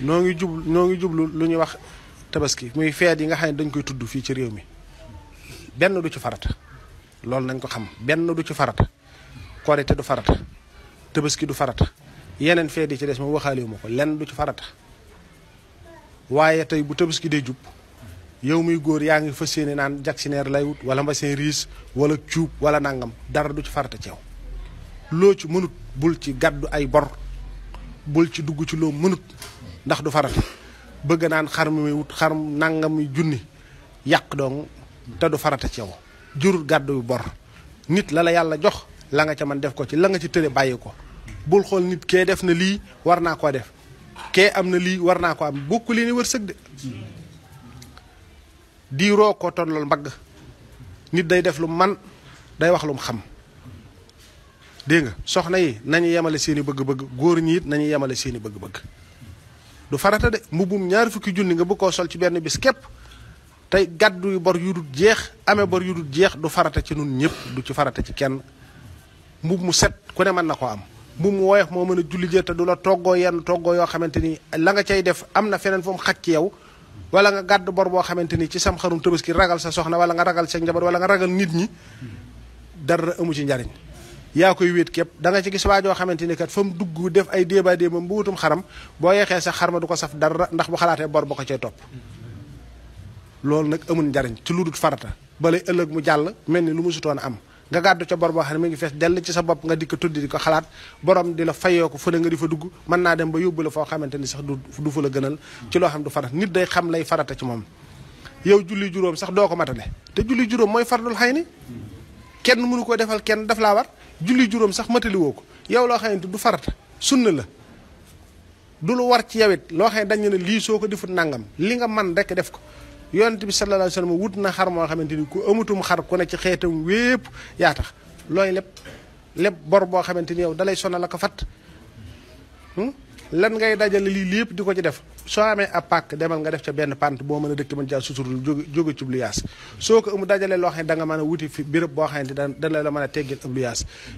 noo ngi jub noo ngi jublu lu ñuy wax tabaski muy feet yi nga xam ne dañ koy tudd fii ci réew mi benn du ci farata loolu nañ ko xam benn du ci farata korite du farata tabaski du farata yeneen feet yi ci des ma waxaale ma ko lenn du ci farata waaye tey bu tabaski dee jub yow muy góor yaa ngi fas yéene naan jaksineer lay wut wala mbasin riis wala cuub wala nangam dara du ci farata ci yow loo ci mënut bul ci gàddu ay bor bul ci dugg ci loo mënut ndax du farata bëgg naan xar mi wut xar nangami junni yàq dong te du farata ci yow jur gàddu bor nit la la yàlla jox la nga ca man def ko ci la nga ci tële bàyyi ko bul xool nit kee def na lii war naa def kee am na lii war naa ko am bokku ni wërsëg de diro ko tonlal mbagg nit day def lu man day wax lum xam dégg nga soxna yi nañu yemale seeni bëgg-bëgg góor ñi it nañu yemale seeni bëgg-bëgg du farata de mbubum ñaari fukki junni nga bëgg sol ci benn bis képp tey gàddu yu bor yu dul jeex amee bor yu dul jeex du farata ci nun ñëpp du ci farata ci kenn mbub mu set ku ne mën na ko am mbub mu woyof moo mën a julli jër te du la toggoo yenn toggoo yoo xamante ni la nga cay def am na feneen fu mu xaj yow wala nga gàdd bor boo xamante ni ci sam xarum tabaski ragal sa soxna wala nga ragal sa njaboot wala nga ragal nit ñi dara amu ci njariñ Ya koy wet kep da nga ci gis waajoo xamanteni kat fam def ay déeba mom buutum xaram bo yexé sa xarma du ko saf dar ndax bu xalaté bor bako ko top lol nak amun jarign ci luddut farata balay ëllëg mu jall melni lu mu am nga gaddu ci bor bo xam mi ngi ci sa bop nga dik tuddi diko xalat borom di la fayoo ko fu nga difa dugg man na dem ba yobbu la fo xamanteni sax du du fu la gënal ci lo xam du farata nit day xam lay farata ci mom, yow julli jurom sax doko matale te julli jurom moy fardul hayni kenn mënu ko defal kenn daf la war julli juróom sax matali ko yow loo xamante du farata sunna la du lu war ci yawit loo xam dañ dañu ne lii soo ko defut nangam li nga man rek def ko yonent bi sallallahu alayhi wa sallam wut na xar moo xamante ni ku amatum xar ku ne ci xeetam wépp yaa tax looy lépp lépp bor boo xamante ni yow dalay sonal la ko fatt hmm? lan ngay dajale lii lépp di ko ci def soo amee ab demal nga def ca benn pant boo mën a dëkk mën jaa suturul jóge jóge ci luyaas soo ko mu dajale loo xam ne da nga mën a wuti fi béréb boo xam ne da dana la mën a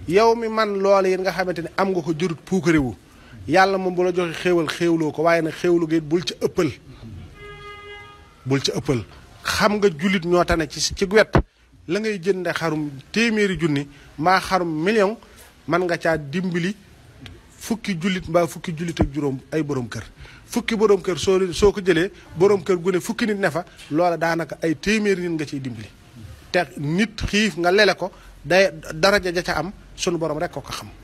yow mi man loolu yit nga xamante ne am nga ko jërut puukarewu yàlla moom bu la joxe xéewal xéewloo ko waaye nag xéewlu gi bul ca ëppal bul ca ëppal xam nga jullit ñoo tane ci ci wet la ngay jënde xarum téeméeri junni maa xarum million mën nga caa dimbali fukki jullit mbaa fukki jullit ak juróom ay borom kër fukki borom kër soo soo ko jëlee borom kër gu ne fukki nit ne fa loola daanaka ay téeméeri nit nga ciy dimbali. te nit xiif nga lele ko day dara ja ja ca am sunu borom rek ko ko xam.